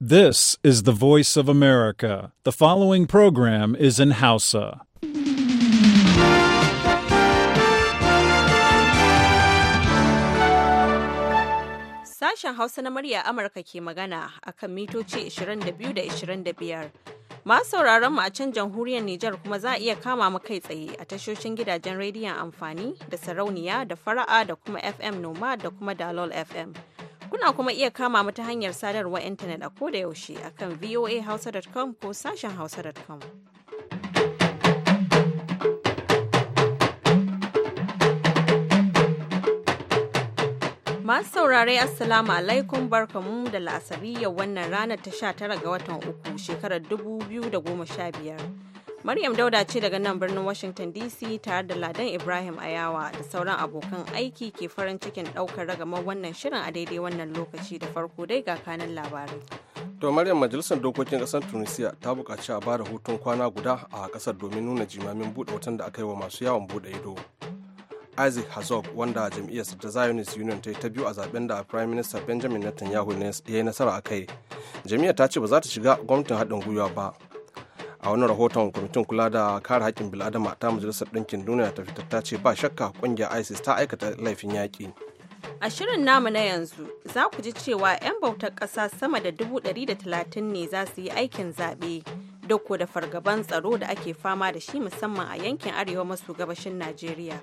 This is the voice of America. The following program is in Hausa. Sashen Hausa na murya Amurka ke magana a kan mitoci 22 da 25. Masu sauraron mu a can jamhuriyar Nijar kuma za a iya kama mu kai tsaye a tashoshin gidajen rediyon amfani da sarauniya da fara'a da kuma FM Noma da kuma Dalol FM. Kuna kuma iya kama mu ta hanyar sadarwa intanet a koda yaushe akan voahausa.com ko sashen hausa.com. Masu saurare Assalamu alaikum barkamu da la'asari yau wannan ranar ta 19 ga watan uku shekarar 2015. Maryam Dauda ce daga nan birnin Washington DC tare da Ladan Ibrahim Ayawa da sauran abokan aiki ke farin cikin daukar ragamar wannan shirin a daidai wannan lokaci da farko dai ga kanan labarai. To Maryam Majalisar Dokokin kasar Tunisia ta buƙaci a bada hutun kwana guda a ƙasar domin nuna jimamin buɗe wutan da aka yi wa masu yawon buɗe ido. Isaac Herzog wanda jam'iyyarsa ta Zionist Union ta yi ta biyu a zaben da Prime Minister Benjamin Netanyahu ya yi nasara a kai. jami'a ta ce ba za ta shiga gwamnatin haɗin gwiwa ba a wani rahoton kwamitin kula da kare haƙƙin bil'adama ta majalisar ɗinkin duniya ta fitar ta ce ba shakka ƙungiyar isis ta aikata laifin yaƙi a shirin namu na yanzu za ku ji cewa 'yan bautar ƙasa sama da dubu ɗari da talatin ne za su yi aikin zaɓe duk da fargaban tsaro da ake fama da shi musamman a yankin arewa maso gabashin najeriya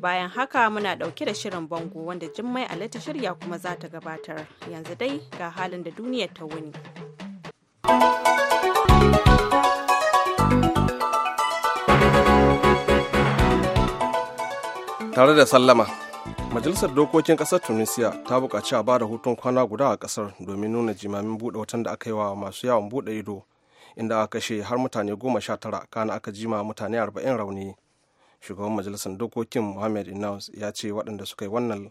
bayan haka muna ɗauke da shirin bango wanda jimmai alata shirya kuma za ta gabatar yanzu dai ga halin da duniyar ta wuni. tare da sallama majalisar dokokin kasar tunisia ta buƙaci a ba da hutun kwana guda a kasar domin nuna jimamin buɗe watan da aka yi wa masu yawon buɗe ido inda aka kashe har mutane goma sha tara kana aka jima mutane arba'in rauni shugaban majalisar dokokin mohamed inaus ya ce waɗanda suka yi wannan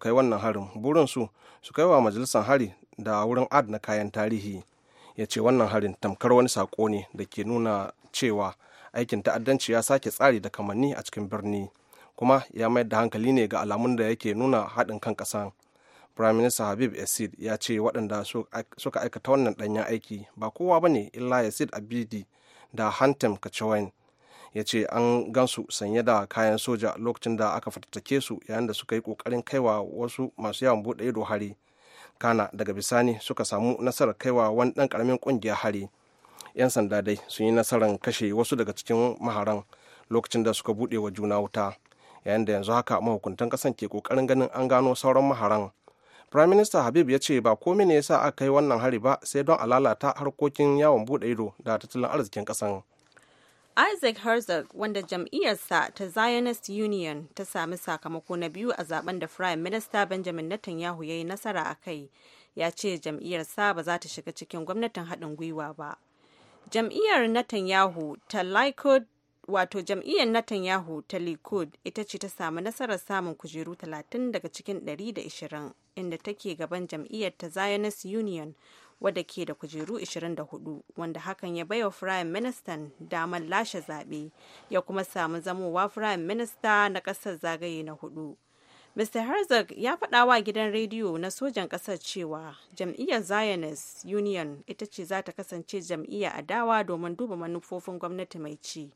kai wannan harin burinsu su kai wa majalisar hari da wurin ad na kayan tarihi ya ce wannan harin tamkar wani sako ne da ke nuna cewa aikin ta'addanci ya sake tsari da kamanni a cikin birni kuma ya mayar da hankali ne ga alamun da yake nuna haɗin kan ƙasan prime minister habib yasid ya ce waɗanda suka aikata wannan ɗanyen aiki ba kowa ba ne illa yasid abidi da hantem kachawan ya ce an gansu sanye da kayan soja lokacin da aka fatattake su yayin da suka yi ƙoƙarin kaiwa wasu masu yawon buɗe ido hari kana daga bisani suka samu nasarar kaiwa wani ɗan ƙaramin ƙungiya hari 'yan sanda dai sun yi nasarar kashe wasu daga cikin maharan lokacin da suka buɗe wa juna wuta yayin da yanzu haka mahukuntan kasan ke kokarin ganin an gano sauran maharan prime minister habib ya ce ba komai ne yasa aka kai wannan hari ba sai don a lalata harkokin yawon bude ido da tattalin arzikin kasan isaac herzog wanda jam'iyyarsa ta zionist union ta sami sakamako na biyu a zaben da prime minister benjamin netanyahu ya yi nasara a kai ya ce jam'iyyarsa ba za ta shiga cikin gwamnatin haɗin gwiwa ba jam'iyyar netanyahu ta likud wato jam'iyyar Netanyahu ta Likud ita ce ta samu nasarar samun kujeru 30 daga cikin 120 inda take gaban jam'iyyar ta Zionist Union wadda ke da kujeru 24 wanda hakan ya baiwa firayim ministan damar lashe zaɓe ya kuma samu zamowa firayim minista na ƙasar zagaye na hudu. Mr. Herzog ya faɗa wa gidan rediyo na sojan ƙasar cewa jam'iyyar Zionist Union ita ce za ta kasance jam'iyya adawa domin duba manufofin gwamnati mai ci.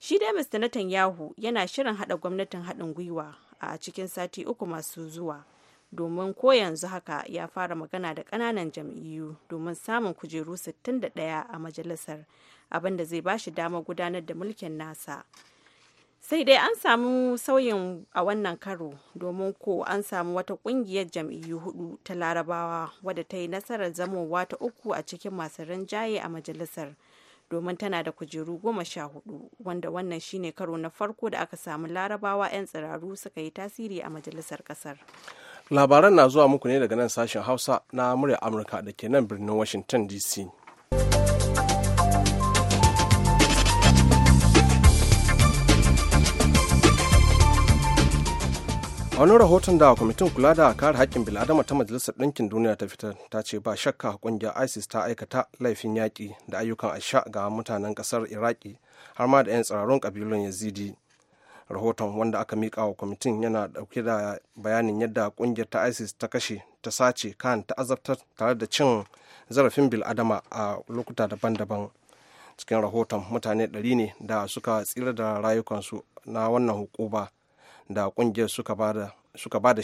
Shi dai Mr. Netanyahu yana shirin hada gwamnatin haɗin gwiwa a cikin sati uku masu zuwa. Domin ko yanzu haka ya fara magana da ƙananan jam'iyyu domin samun kujeru 61 a majalisar abinda zai ba shi damar gudanar da mulkin nasa. sai dai an samu sauyin a wannan karo domin ko an samu wata kungiyar jam'iyyu hudu ta larabawa wadda ta yi nasarar zamowa ta uku a cikin masu rinjaye a majalisar domin tana da kujeru goma sha hudu wanda wannan shine karo na farko da aka samu larabawa 'yan tsiraru suka yi tasiri a majalisar kasar labaran na zuwa muku ne daga nan sashen hausa na murya amurka da ke nan birnin washington dc wani rahoton da kwamitin kula da kare haƙƙin bil'adama ta majalisar ɗinkin duniya ta fitar ta ce ba shakka ƙungiyar isis ta aikata laifin yaƙi da ayyukan asha ga mutanen ƙasar iraki har ma da 'yan tsirarun ƙabilun yazidi rahoton wanda aka miƙa wa kwamitin yana ɗauke da bayanin yadda ƙungiyar ta isis ta kashe ta sace kan ta azabtar tare da cin zarafin bil'adama a lokuta daban-daban cikin rahoton mutane ɗari ne da suka tsira da rayukansu na wannan hukuma. da kungiyar suka ba da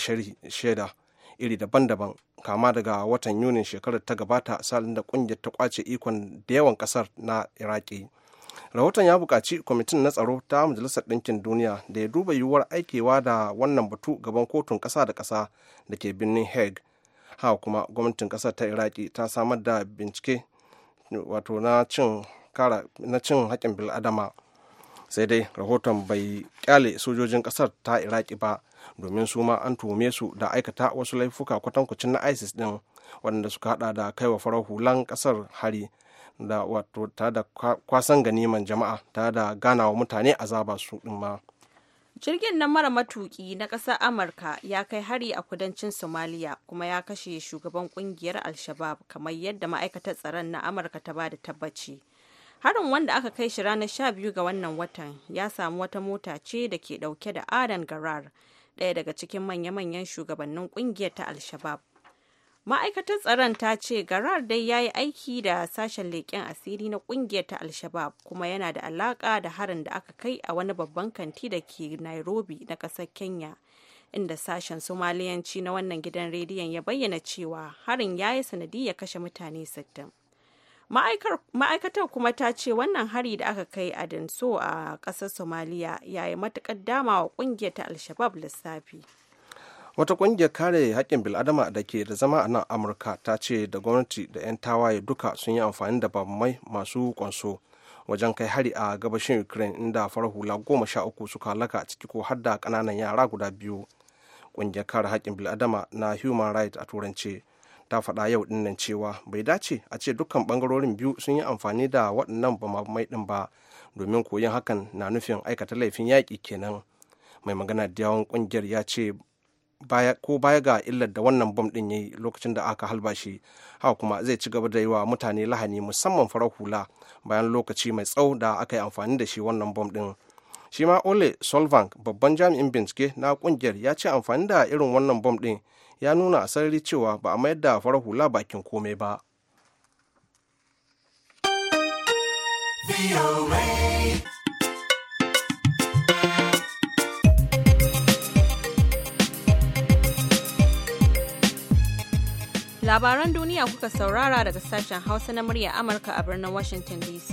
shaida iri daban-daban kama daga watan yunin shekarar ta gabata salin da kungiyar ta kwace ikon da yawan kasar na iraki rahoton ya buƙaci kwamitin na tsaro ta majalisar ɗinkin duniya da ya duba yiwuwar aikewa da wannan batu gaban kotun ƙasa da ƙasa da ke birnin hague ha kuma gwamnatin ƙasar ta iraki ta samar da bincike wato na cin haƙƙin bil'adama sai dai rahoton bai kyale sojojin kasar ta iraki ba domin su ma an tuhume su da aikata wasu laifuka kwatankwacin na isis din waɗanda suka hada da kaiwa farar hulan kasar hari da wato ta da kwasan ganiman jama'a ta da gana wa mutane azaba su din ma jirgin na mara matuki na ƙasar amurka ya kai hari a kudancin somaliya kuma ya kashe shugaban kungiyar al-shabab kamar yadda ma'aikatar tsaron na amurka ta ba da tabbaci harin wanda aka kai shi ranar 12 ga wannan watan ya samu wata mota ce da ke dauke da adan garar daya daga cikin manya-manyan shugabannin kungiyar ta al-shabab ma'aikatar tsaron ta ce garar dai ya yi aiki da sashen leƙen asiri na kungiyar ta al-shabab kuma yana da alaƙa da harin da aka kai a wani babban kanti da ke nairobi na ƙasar kenya inda sashen somaliyanci na wannan gidan rediyon ya bayyana cewa harin ya yi sanadiyar kashe mutane 60 ma'aikatar kuma ta ce wannan hari da aka kai a danso a ƙasar somaliya yayi matuƙar dama wa ƙungiyar ta alshabab lissafi wata ƙungiyar kare haƙƙin bil'adama da ke da zama a nan amurka ta ce da gwamnati da 'yan tawaye duka sun yi amfani da bamai masu kwanso wajen kai hari a gabashin ukraine inda farar hula goma sha uku suka halaka a ciki ko har da ƙananan yara guda biyu ƙungiyar kare haƙƙin bil'adama na human rights a turance ta faɗa yau dinnan cewa bai dace a ce dukkan bangarorin biyu sun yi amfani da waɗannan bamamai ɗin ba domin koyon hakan na nufin aikata laifin yaƙi kenan mai magana da yawon ƙungiyar ya ce ko baya ga illar da wannan bom ɗin ya yi lokacin da aka halba shi haka kuma zai ci gaba da yi wa mutane lahani musamman farar hula bayan lokaci mai tsawo da aka yi amfani da shi wannan bom ɗin shi ma ole solvang babban jami'in bincike na ƙungiyar ya ce amfani da irin wannan bom ɗin ya nuna a sarari cewa ba a mayar da farar hula bakin komai ba Labaran duniya kuka saurara daga sashen Hausa na murya Amurka a birnin Washington DC.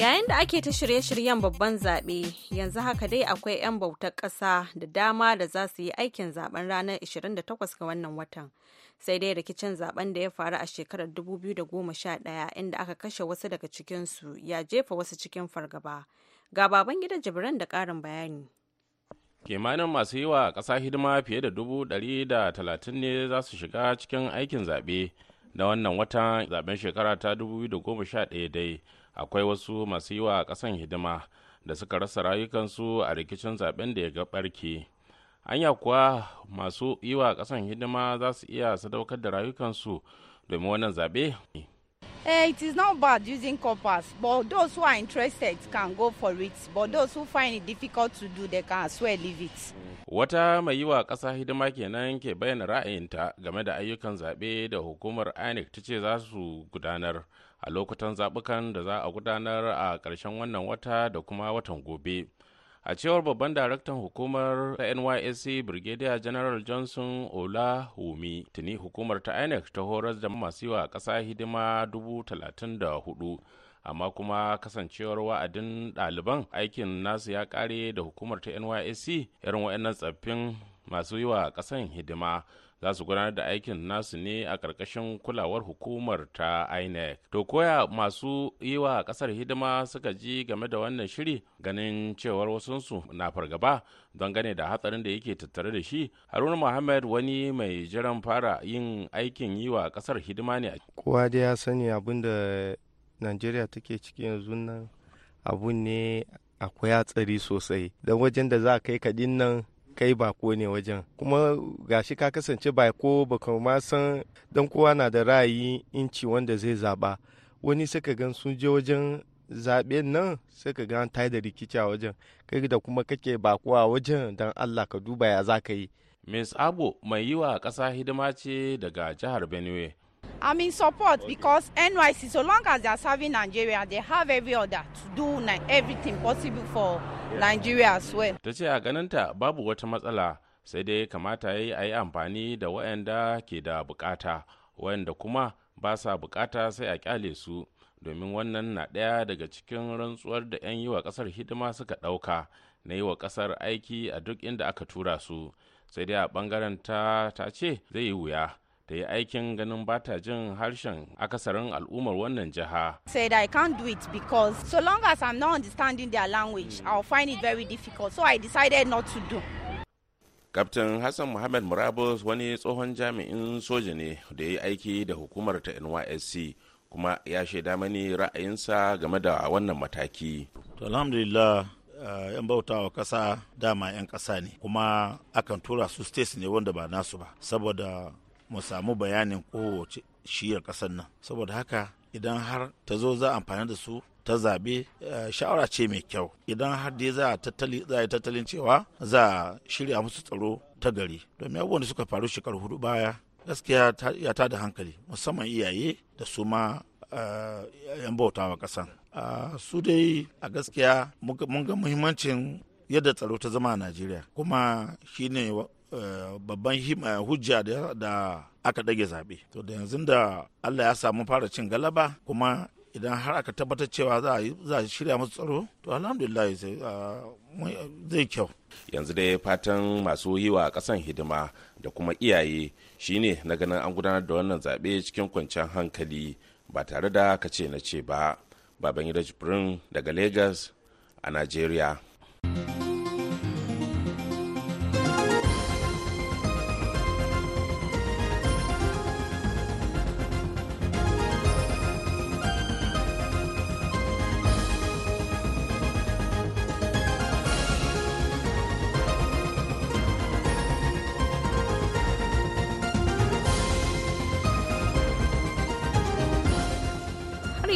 Yayin da ake ta shirye-shiryen babban zaɓe, yanzu haka dai akwai 'yan bautar ƙasa da dama da za su yi aikin zaɓen ranar 28 ga wannan watan. Sai dai rikicin zaɓen da ya faru a shekarar 2011 inda aka kashe wasu daga cikinsu ya jefa wasu cikin fargaba. Ga baban gida jibrin da ƙarin bayani. kimanin masu yi wa ƙasa hidima fiye da dubu ɗari da talatin ne za su shiga cikin aikin zaɓe na wannan wata zaben shekara ta 2011 dai akwai wasu masu yi wa kasan hidima da suka rasa rayukansu a rikicin zaben da ya ga barke anya kuwa masu yiwa wa kasan hidima za su iya sadaukar da rayukansu domin wannan zaɓe. Eh, it is not bad using compass, but those who are interested can go for it. But those who find it difficult to do, they can as leave it. wata mai yi wa ƙasa hidima kenan ke bayyana ra'ayinta game da ayyukan zaɓe da hukumar inec ta ce za su gudanar a lokutan zaɓukan da za a gudanar a ƙarshen wannan wata da kuma watan gobe a cewar babban daraktan hukumar ta nysc brigadier general johnson ola humi tuni hukumar ta inec ta horar da masu yi wa ƙasa hidima dubu talatin da hudu amma kuma kasancewar wa'adin ɗaliban aikin nasu ya ƙare da hukumar ta nysc irin wa'annan tsaffin masu yi wa ƙasan hidima za su gudanar da aikin nasu ne a ƙarƙashin kulawar hukumar ta inec to koya masu yi wa ƙasar hidima suka ji game da wannan shiri ganin cewar wasunsu na fargaba don gane da hatsarin da yake tattare da shi haruna muhammad wani mai jiran fara yin aikin yi wa ƙasar hidima ne kowa dai ya sani abin da najeriya take ciki yanzu nan abu ne akwai hatsari sosai don wajen da za a kai kadin nan kai bako ne wajen kuma gashi ka kasance bako baka ma san don kowa na da ra'ayi inci wanda zai zaba wani suka gan sun je wajen zaɓen nan sai ka gan tai da rikici a wajen kai da kuma kake bako a wajen don allah ka duba ya za ka yi Ms. Abo mai yi wa ƙasa hidima ce daga jihar Benue I'm in support because NYC, so long as they are serving Nigeria, they have every order to do everything possible for Nigeria as well. Ta ce a ganinta babu wata matsala sai dai kamata ya yi a yi amfani da wayanda ke da bukata, wayanda kuma ba sa bukata sai a kyale su. Domin wannan na ɗaya daga cikin rantsuwar da 'yan yi wa ƙasar hidima suka ɗauka na yi wa ƙasar aiki a duk inda aka tura su. Sai dai a ta ce zai yi wuya. ta yi aikin ganin bata jin harshen akasarin al'ummar wannan jiha. Said I can't do it because so long as I'm not understanding their language, I'll find it very difficult. So I decided not to do. Kaftin Hassan Muhammad Murabus wani tsohon jami'in soja ne da ya yi aiki da hukumar ta NYSC kuma ya shaida mani ra'ayinsa game da wannan mataki. alhamdulillah eh, yan bauta bautawa kasa dama yan kasa ne kuma akan tura su states ne wanda ba nasu ba saboda mu samu bayanin kowace shiyar kasar nan saboda haka idan har ta zo za amfani da su ta zabe eh, sha'ara ce mai kyau idan har dai za a yi tattalin cewa za a shirya musu tsaro ta gari domin abubuwan da suka faru shekaru hudu baya gaskiya ya da hankali musamman iyaye da su ma eh, yan bautawa kasan ah, su dai a gaskiya mun ga muhimmancin yadda tsaro ta zama a najeriya kuma shine Eh, babban hujja da aka dage zaɓe to da yanzu da allah ya samu fara cin galaba kuma idan har aka tabbatar cewa za a shirya masu tsaro to alhamdulillah zai ah, kyau yanzu dai fatan masu yi wa kasan hidima da kuma iyaye shine na ganin an gudanar da wannan zaɓe cikin kwanciyar hankali ba tare da ce na ce ba baban gida daga lagos a najeriya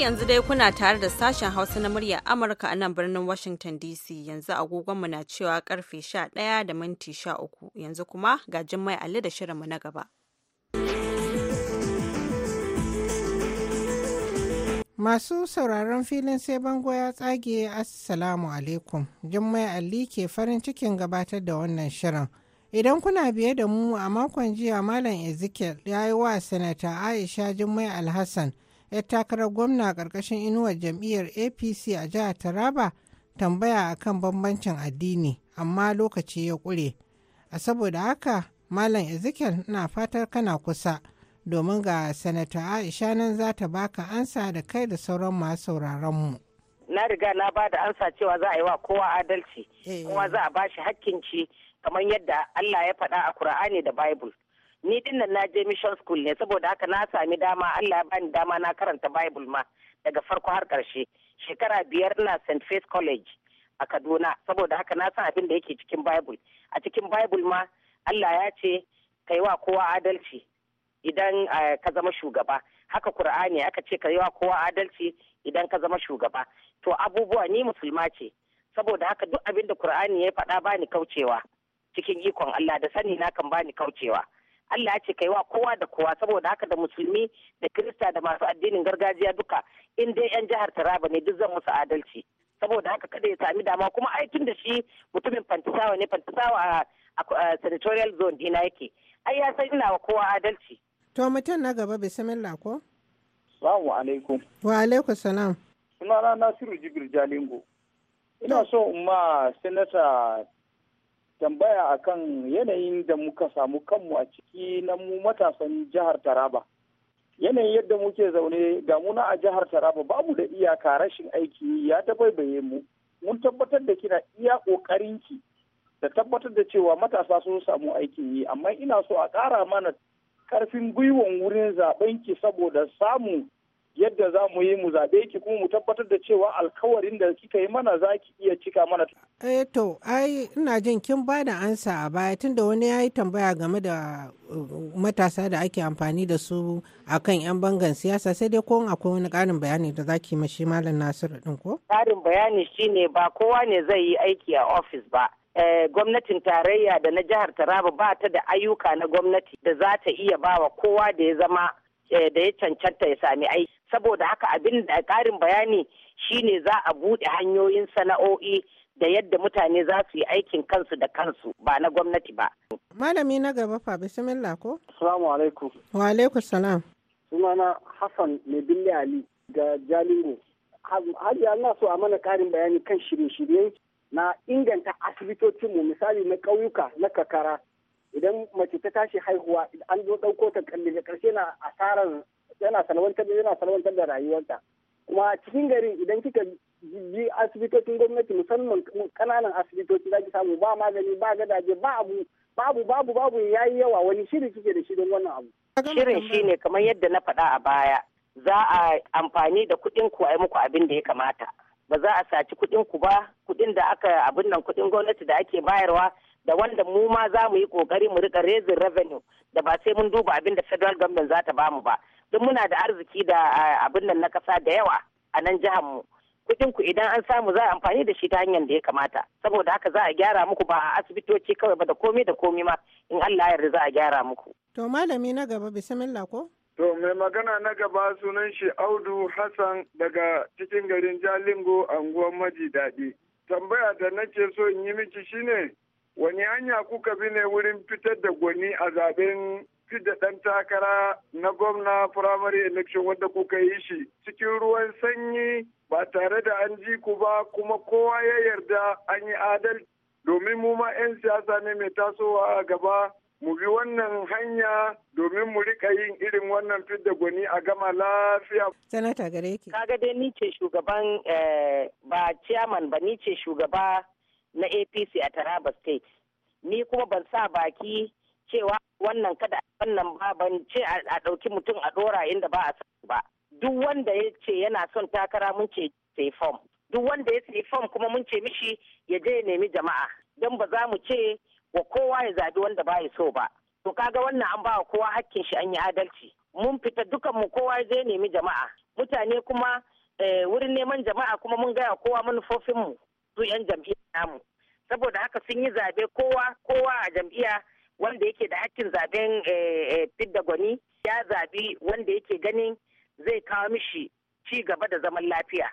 yanzu dai kuna tare da sashen Hausa na murya Amurka a nan birnin Washington DC yanzu agogonmu na cewa karfe 11 da minti 13 yanzu kuma ga Jummai Ali da shirinmu na gaba. Masu sauraron filin sai bango ya tsage Assalamu alaikum. Jummai alli ke farin cikin gabatar da wannan shirin. Idan kuna biye da mu a makon jiya Malam Ezekiel ya yi wa Sanata Aisha Jummai Alhassan 'yar takarar gwamna a ƙarƙashin inuwar jam'iyyar apc a jihar taraba tambaya akan bambancin addini amma lokaci ya ƙure a saboda haka malam ezekiel na fatar kana kusa domin ga sanata aisha nan za ta baka ansa da kai da sauran masu sauraron mu na riga na ba da ansa cewa za a yi wa kowa adalci eh. kuma za a shi hakkin ci kamar yadda allah ya faɗa a kur'ani da bible ni dinnan na je mission school ne saboda haka na sami dama Allah ya bani dama na karanta bible ma daga farko har karshe shekara biyar ina St Faith College a Kaduna saboda haka na san abin da yake cikin bible a cikin bible ma Allah ya ce kai wa kowa adalci idan eh, ka zama shugaba haka Qur'ani aka ce kai wa kowa adalci idan ka zama shugaba to abubuwa ni musulma ce saboda haka duk abin da Qur'ani ya faɗa bani kaucewa cikin ikon Allah da sani na kan bani kaucewa Allah ya ce kai wa kowa da kowa saboda haka da musulmi da kirista da masu addinin gargajiya duka in dai yan jihar Taraba ne duk zan musu adalci saboda haka kada ya sami dama kuma ai tun da shi mutumin fantisawa ne fantisawa a senatorial zone dina yake ai ya san ina wa kowa adalci to mutum na gaba bismillah ko assalamu alaikum wa alaikum salam sunana nasiru jibril jalingo ina so ma senata tambaya akan yanayin da muka samu kanmu a ciki na mu matasan jihar Taraba. Yanayin yadda muke zaune ga muna a jihar Taraba babu da iyaka rashin aiki ya tabaibaye mu. Mun tabbatar da kina iya ƙoƙarinki da tabbatar da cewa matasa sun samu aikin yi amma ina so a ƙara mana ƙarfin gwiwan wurin zaɓen ki saboda samu. yadda za mu yi mu zaɓe ki kuma mu tabbatar da cewa alkawarin da kika yi mana za ki iya cika mana. Eh to, ai ina jin kin ba da ansa a baya tunda wani ya yi tambaya game da uh, matasa da ake amfani da su a kan 'yan bangan siyasa sai dai ko akwai wani ƙarin bayani da za ki mashi malam Nasiru ɗin ko? Ƙarin bayani shine ba kowa ne zai yi aiki a ofis ba. Eh, gwamnatin tarayya da na jihar Taraba ba ta da ayyuka na gwamnati da za ta iya bawa kowa da ya zama Eh, da ya cancanta ya sami aiki saboda haka abin da karin bayani shine za a buɗe hanyoyin sana'o'i da yadda mutane za su yi aikin kansu da kansu ba na gwamnati ba. Malami na gaba fa bismillah ko? Assalamu alaikum. Wa alaikum salam. Sunana Hassan Mebille Ali da Jalingo. Hajiya na so a mana ƙarin bayani kan shirye-shirye na inganta asibitocinmu misali na ƙauyuka na kakara idan mace ta tashi haihuwa an zo ɗauko ta kalli da ƙarshe na asarar yana salwantar yana salwantar da rayuwarta kuma cikin gari, idan kika ji asibitocin gwamnati musamman ƙananan asibitoci za ki samu ba magani ba gadaje ba abu babu babu babu ya yi yawa wani shiri kike da shi wannan abu. shirin shi ne kamar yadda na faɗa a baya za a amfani da kuɗin ku a yi muku abin da ya kamata ba za a saci kuɗin ku ba kuɗin da aka abin nan kuɗin gwamnati da ake bayarwa da wanda mu ma za mu yi kokari mu rika raising revenue da ba sai mun duba abin da federal government za ta mu ba don muna da arziki da abin nan na kasa da yawa a nan jihar mu kudin ku idan an samu za a amfani da shi ta hanyar da ya kamata saboda haka za a gyara muku ba a asibitoci kawai ba da komai da komai ma in Allah ya za a gyara muku to malami na gaba bismillah ko To mai magana na gaba sunan shi Audu Hassan daga cikin garin Jalingo anguwar Maji Daɗi. Tambaya da nake so in yi miki shine wani hanya kuka bi ne wurin fitar da gwani a zaben fidda ɗan takara na gwamna primary election wanda kuka yi shi cikin ruwan sanyi ba tare da an ji ku ba kuma kowa ya yarda an yi adalci domin mu ma 'yan siyasa ne mai tasowa a gaba mu bi wannan hanya domin mu rika yin irin wannan fidda gwani a gama lafiya. Sanata gare ki. Kaga dai ni ce shugaban eh, ba chairman ba ni ce shugaba na apc a taraba state ni kuma ban sa baki cewa wannan kada wannan ba ban ce a ɗauki mutum a ɗora inda ba a san ba duk wanda ya ce yana son takara mun ce sai fom duk wanda ya sai fom kuma mun ce mishi ya je ya nemi jama'a don ba za mu ce wa kowa ya zabi wanda ba ya so ba to kaga wannan an ba wa kowa hakkin shi an yi adalci mun fita dukan mu kowa ya je nemi jama'a mutane kuma eh, wurin neman jama'a kuma mun gaya kowa manufofinmu. su 'yan jam'iyyar namu saboda haka sun yi zabe kowa kowa a jam'iyya wanda yake da hakkin zaben eh, eh, fidda gwani ya zabi wanda yake ganin zai kawo mishi ci gaba da zaman lafiya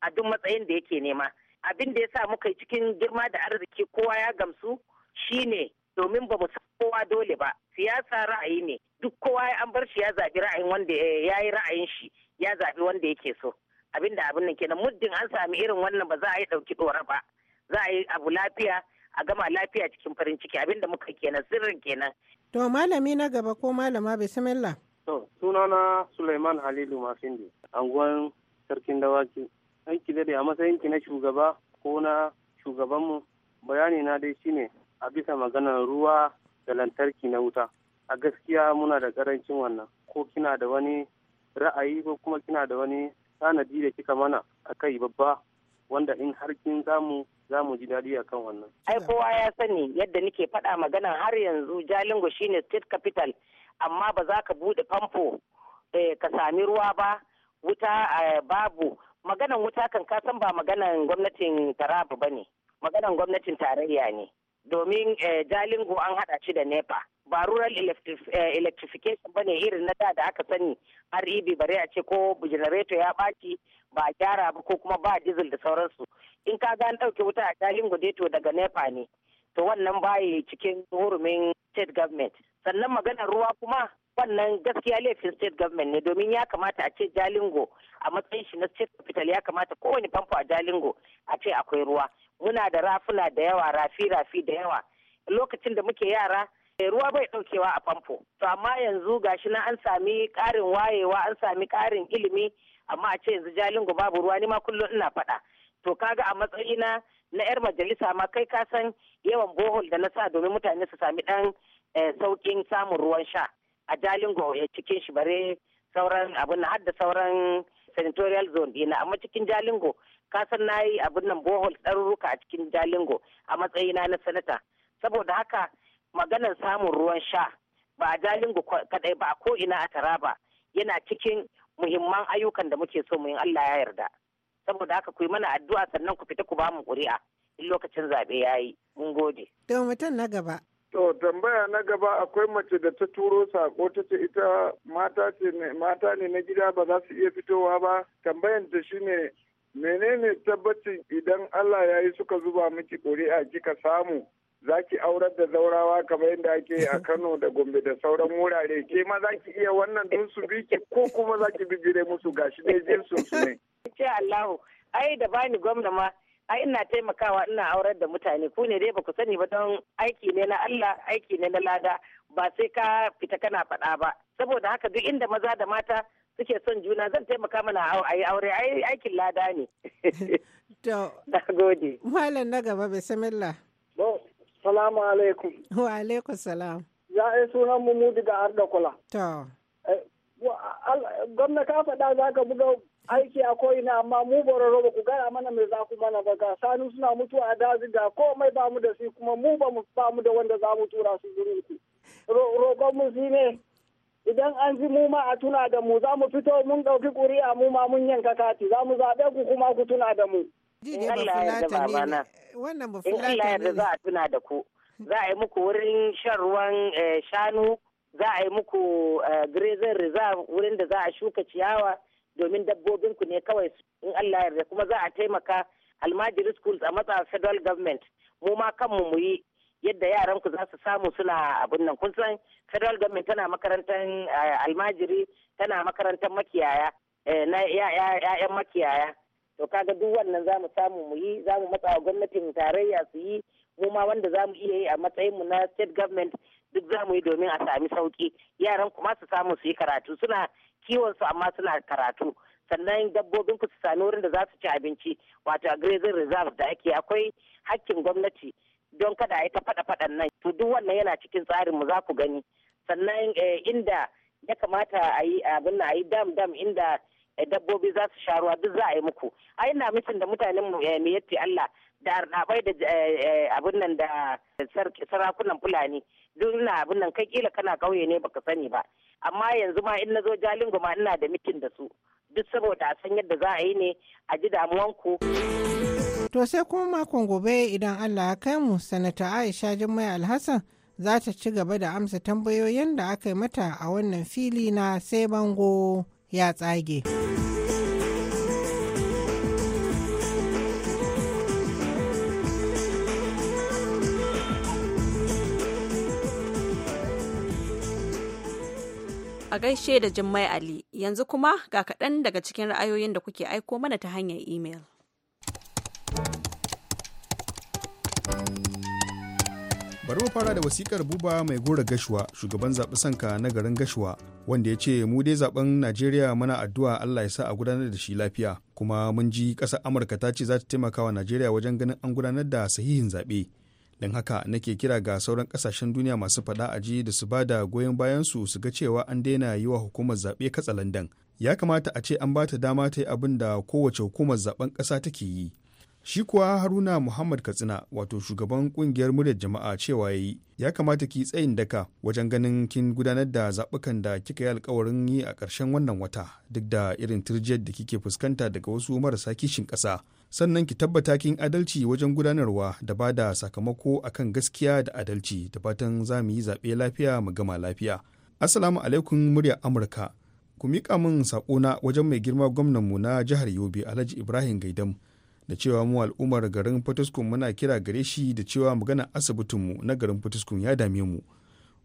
a duk matsayin da yake nema abin da ya sa muka yi cikin girma da arziki kowa ya gamsu shine domin ba mu san kowa dole ba siyasa ra'ayi ne duk kowa an bar shi ya zabi ra'ayin wanda eh, ya yi ra'ayin shi ya zabi wanda yake so abinda abin nan kenan muddin an sami irin wannan ba za a yi ɗauki dora ba za a yi abu lafiya a gama lafiya cikin farin ciki abinda muka kenan sirrin kenan. To malami na gaba ko malama bismillah. To sunana Sulaiman Halilu Mafindi anguwan sarkin dawaki. Aiki da a matsayin ki na shugaba ko na shugabanmu bayani na dai shine a bisa maganar ruwa da lantarki na wuta. A gaskiya muna da karancin wannan ko kina da wani ra'ayi ko kuma kina da wani tanadi da kika mana a kai babba wanda in har kin zamu za mu ji daɗi akan wannan. Ai kowa ya sani yadda nike faɗa magana har yanzu Jalingo shine state capital amma ba za ka buɗe famfo eh, ka sami ruwa ba wuta eh, babu maganan wuta kan ka san ba maganan gwamnatin Taraba ba ne maganan gwamnatin tarayya ne domin eh, Jalingo an haɗa shi da NEPA ba rural eh, electrification ba ne irin na da da aka sani har ibi e bare a ce ko generator ya baki ba a gyara ba ko kuma ba diesel da sauransu in ka ga an ɗauke wuta a jalin gudeto daga nepa ne to wannan baya cikin hurumin state government sannan maganar ruwa kuma wannan gaskiya laifin state government ne domin ya kamata a ce jalingo a matsayin shi na state capital ya kamata kowane famfo a jalingo a ce akwai ruwa muna da rafuna da yawa rafi rafi da yawa lokacin da muke yara Eh, ruwa bai daukewa a famfo to amma yanzu gashi na an sami ƙarin wayewa an sami karin ilimi amma a ce yanzu jalingo babu ruwa ni ma kullum ina faɗa to kaga a matsayina na yar majalisa ma kai ka san yawan bohol da na sa domin mutane su sami ɗan eh, saukin samun ruwan sha a jalingo ya eh, cikin shi bare sauran abin na hadda sauran senatorial zone dina amma cikin jalingo ka san na yi abin nan bohol ɗarurruka a cikin jalingo a matsayina na sanata saboda haka maganar samun ruwan sha ba a jalingo kadai ba a ina a taraba yana cikin muhimman ayyukan da muke so muyin Allah ya yarda saboda haka ku yi mana addu'a sannan ku fita ku ba mu ƙuri'a in lokacin zaɓe ya yi mun gode. Da mutum na gaba. To tambaya na gaba akwai mace da ta turo sako ta ce ita mata ce mata ne na gida ba za su iya fitowa ba tambayan ta shine menene tabbacin idan Allah ya yi suka zuba miki ƙuri'a kika samu za ki aurar da zaurawa kamar yadda ake a Kano da Gombe da sauran wurare ke ma za ki iya wannan don su bi ki ko kuma za ki bibire musu gashi dai jin su ne. Ce Allahu ai da bani gwamna ma ai ina taimakawa ina aurar da mutane ku ne dai ba ku sani ba don aiki ne na Allah aiki ne na lada ba sai ka fita kana faɗa ba saboda haka duk inda maza da mata suke son juna zan taimaka mana a yi aure aikin lada ne. To, gode. Malam na gaba bisimillah. Salamu alaikum. Wa alaikum salam. Ya yi sunan mu daga Arda Kula. To. Eh, gwamna ka faɗa za ka buga aiki a ko'ina amma mu bororo ba ku gara mana mai za ku mana ba ga sanu suna mutuwa a daji ga komai ba mu da su kuma mu ba mu ba mu da wanda za mu tura su gurin ku. Roƙon mu shi ne idan an ji mu ma a tuna da mu za mu fito mun ɗauki ƙuri'a mu ma mun yanka kati za mu zaɓe ku kuma ku tuna da mu. wannan ba in Allah yarda za a tuna da ku za a yi muku wurin shan ruwan eh, shanu za a yi muku eh, grazing reserve wurin da za a shuka ciyawa domin dabbobin ku ne kawai in Allah yarda kuma za a taimaka almajiri schools a matsa federal government mu ma kanmu mu yi yadda yaran ku za su samu suna abun nan kun san federal government tana makarantar eh, almajiri tana makarantar makiyaya na 'ya'yan makiyaya to kaga duk wannan za mu samu mu yi za mu matsa gwamnatin tarayya su yi mu ma wanda za mu iya yi a matsayin mu na state government duk za mu yi domin a sami sauki yaran kuma su samu su yi karatu suna kiwon su amma suna karatu sannan dabbobin ku su sami wurin da za su ci abinci wato a grazing reserve da ake akwai hakkin gwamnati don kada a yi ta faɗa faɗan nan to duk wannan yana cikin tsarin mu za ku gani sannan eh, inda ya kamata a yi abin a yi dam dam inda Eh, dabbobi za su sha ruwa duk za a yi muku ai na mitin da mutanen mu eh, mai yatti Allah da arnabai da eh, abin nan da sarakunan fulani duk ina abin nan kai kila kana kauye ne baka sani ba amma yanzu ma in nazo jalingo ma ina da mitin da su duk saboda a san yadda za a yi ne a ji damuwanku. To sai kuma makon gobe idan Allah ya kai mu sanata Aisha Jummai Alhassan za ta ci gaba da amsa tambayoyin da aka yi mata a wannan fili na sai bango ya tsage. a gaishe da Jummai Ali. Yanzu kuma ga kaɗan daga cikin ra'ayoyin da kuke aiko mana ta hanyar imel. bari mu fara da wasikar buba mai gora gashuwa shugaban zaɓi sanka na garin gashuwa wanda ya ce mu dai zaɓen najeriya mana addu'a allah ya sa a gudanar da shi lafiya kuma mun ji ƙasar amurka ta ce za ta taimaka wa najeriya wajen ganin an gudanar da sahihin zaɓe don haka nake kira ga sauran ƙasashen duniya masu faɗa ji da su ba da goyon bayansu su ga cewa an daina yi wa hukumar zaɓe katsalandan ya kamata a ce an ba ta dama ta yi abin da kowace hukumar zaɓen ƙasa take yi Shi kuwa Haruna Muhammad Katsina wato shugaban kungiyar muryar jama'a cewa yayi ya kamata ki tsayin daka wajen ganin kin gudanar da zaɓukan da kika yi alkawarin yi a ƙarshen wannan wata duk da irin turjiyar da kike fuskanta daga wasu marasa kishin ƙasa. Sannan ki tabbata kin adalci wajen gudanarwa da ba da sakamako akan gaskiya da adalci da fatan za mu yi zaɓe lafiya mu gama lafiya. Assalamu alaikum muryar Amurka. Ku miƙa min saƙona wajen mai girma gwamnanmu na jihar Yobe Alhaji Ibrahim Gaidam. da cewa mu al'ummar garin fataskun muna kira gare shi da cewa maganar asibitinmu na garin fataskun ya dame mu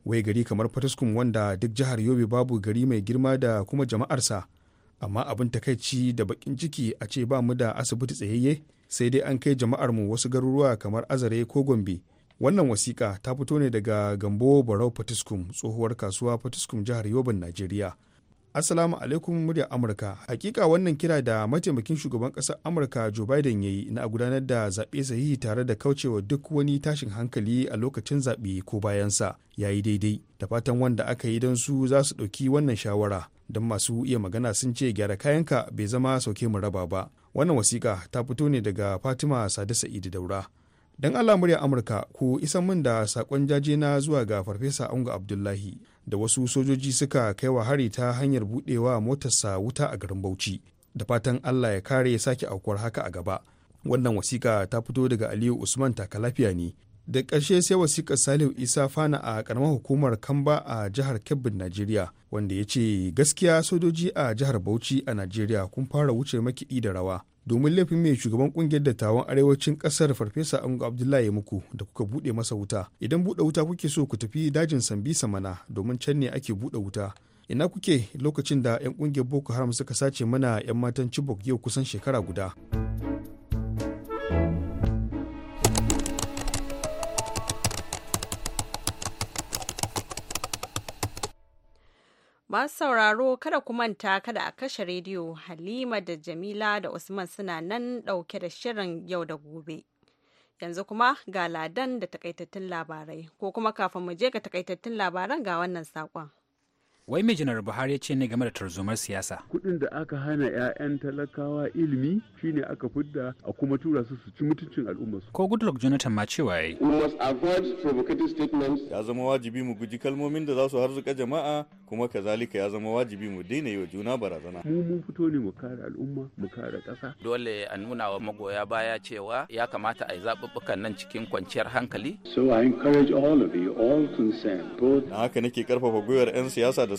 wai gari kamar fataskun wanda duk jihar yobe babu gari mai girma da kuma jama'arsa amma abin takaici da bakin ciki a ce ba mu da asibiti tsayayye sai dai an kai jama'ar mu wasu garuruwa kamar azare ko gombe wannan wasiƙa ta fito ne daga gambo barau fatiskum tsohuwar kasuwa fatiskum jihar yobe'n najeriya Assalamu alaikum murya Amurka. Hakika wannan kira da mataimakin shugaban ƙasar Amurka Joe Biden ya yi na gudanar da zaɓe sahihi tare da kaucewa duk wani tashin hankali a lokacin zaɓe ko bayansa ya yi daidai. Da fatan wanda aka yi don su za su ɗauki wannan shawara. Don masu iya magana sun ce gyara kayanka bai zama sauke mu raba ba. Wannan wasiƙa ta fito ne daga Fatima sadi Sa'idu Daura. dan Allah murya Amurka ku isan min da sakon jaje na zuwa ga Farfesa Ango Abdullahi. da wasu sojoji suka kai wa hari ta hanyar buɗewa motarsa wuta a garin Bauchi. Da fatan Allah ya kare ya sake aukuwar haka a gaba. Wannan wasiƙa ta fito daga Aliyu Usman Takalafiya ne. Da ƙarshe sai wasiƙar Salihu Isa Fana a ƙaramar hukumar Kamba a jihar Kebbi, Najeriya, wanda ya ce gaskiya sojoji a jihar Bauchi a Najeriya kun fara wuce makiɗi da rawa. domin laifin mai shugaban kungiyar dattawan arewacin kasar farfesa ango abdullahi muku da kuka bude masa wuta idan bude wuta kuke so ku tafi dajin sambisa mana domin can ne ake bude wuta ina kuke lokacin da 'yan kungiyar boko haram suka sace mana 'yan matan chibok yau kusan shekara guda. Masu sauraro kada ku manta kada a kashe rediyo Halima da Jamila da Usman suna nan ɗauke da shirin yau da gobe. Yanzu kuma ga ladan da takaitattun labarai ko kuma kafin mu je ga takaitattun labaran ga wannan saƙon. wai mai janar buhari ce ne game da tarzomar siyasa kudin da aka hana 'ya'yan talakawa ilimi shine aka fidda a kuma tura su su ci mutuncin al'ummarsu ko goodluck jonathan ma cewa yi ya zama wajibi mu guji kalmomin da za su harzuka jama'a kuma kazalika ya zama wajibi mu daina yi wa juna barazana mu mun fito ne mu kare al'umma mu kare ƙasa dole a nuna wa magoya baya cewa ya kamata a yi zaɓuɓɓukan nan cikin kwanciyar hankali so i encourage all of you all both haka nake karfafa gwiwar 'yan siyasa da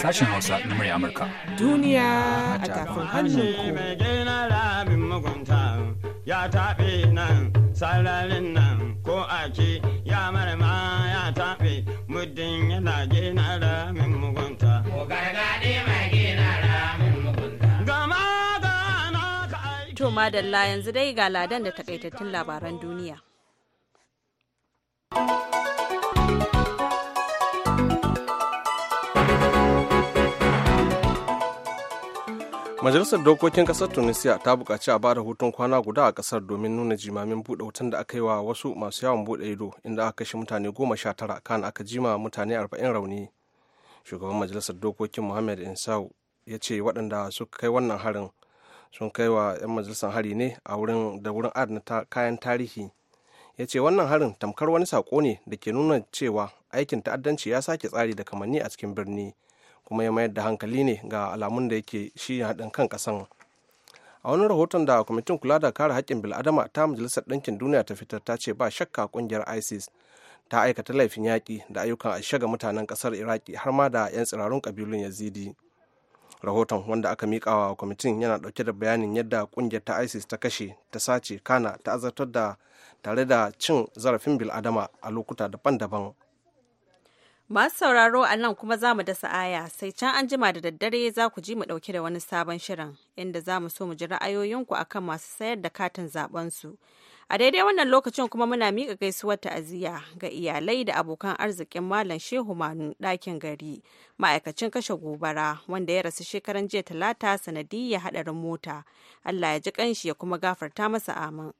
Sashen Hausa na murya Amurka. Duniya a tafin hannunku. Ya taɓe nan, sararin nan, ko ake ya marama ya taɓe muddin yana gina ramin mugunta. ko mai mugunta. gama ka aiki. To madalla yanzu dai ga ladan da takaitattun labaran duniya. majalisar dokokin kasar tunisia ta buƙaci a bada hutun kwana guda a kasar domin nuna jimamin buɗe wutan da aka yi wa wasu masu yawon buɗe ido inda aka kashe mutane goma sha tara kan aka jima mutane arba'in rauni shugaban majalisar dokokin mohammed insau ya ce waɗanda suka kai wannan harin sun kai wa 'yan majalisar hari ne a wurin da wurin adana kayan tarihi ya ce wannan harin tamkar wani sako ne da ke nuna cewa aikin ta'addanci ya sake tsari da kamanni a cikin birni kuma ya mayar da hankali ne ga alamun da yake shi haɗin kan ƙasan a wani rahoton da kwamitin kula da kare haƙƙin bil'adama ta majalisar ɗinkin duniya ta fitar ta ce ba shakka ƙungiyar isis ta aikata laifin yaƙi da ayyukan aisha ga mutanen ƙasar iraki har ma da 'yan tsirarun ƙabilun yazidi rahoton wanda aka miƙawa wa kwamitin yana ɗauke da bayanin yadda ƙungiyar ta isis ta kashe ta sace kana ta azartar da tare da cin zarafin bil'adama a lokuta daban-daban Masu sauraro a nan kuma za mu dasa aya sai can an jima da daddare za ku ji mu ɗauki da wani sabon shirin inda za mu so mu ji ra'ayoyinku kan masu sayar da katin su A daidai wannan lokacin kuma muna miƙa gaisuwar ta'aziyya ga iyalai da abokan arzikin Malam Shehu Manu ɗakin gari, ma'aikacin kashe gobara wanda ya rasu shekaran jiya talata sanadiyyar haɗarin mota. Allah ya ji ƙanshi ya kuma gafarta masa amin.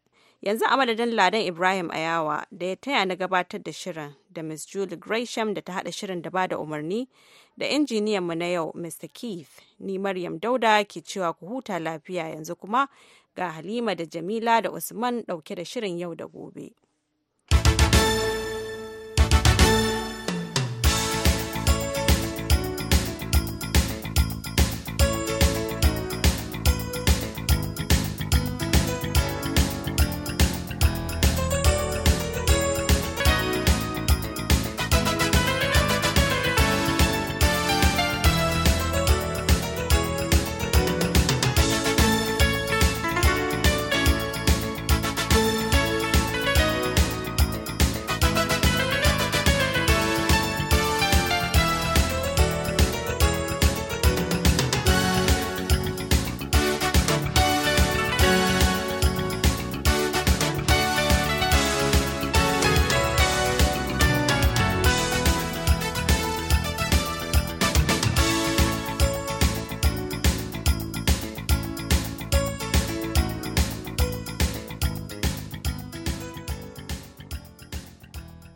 yanzu a madadin ladan ibrahim ayawa da ya taya na gabatar da shirin da miss julie gresham da ta hada shirin da ba da umarni da injiniyan mu na yau mr keith ni maryam dauda ke cewa ku huta lafiya yanzu kuma ga halima da jamila da usman dauke da shirin yau da gobe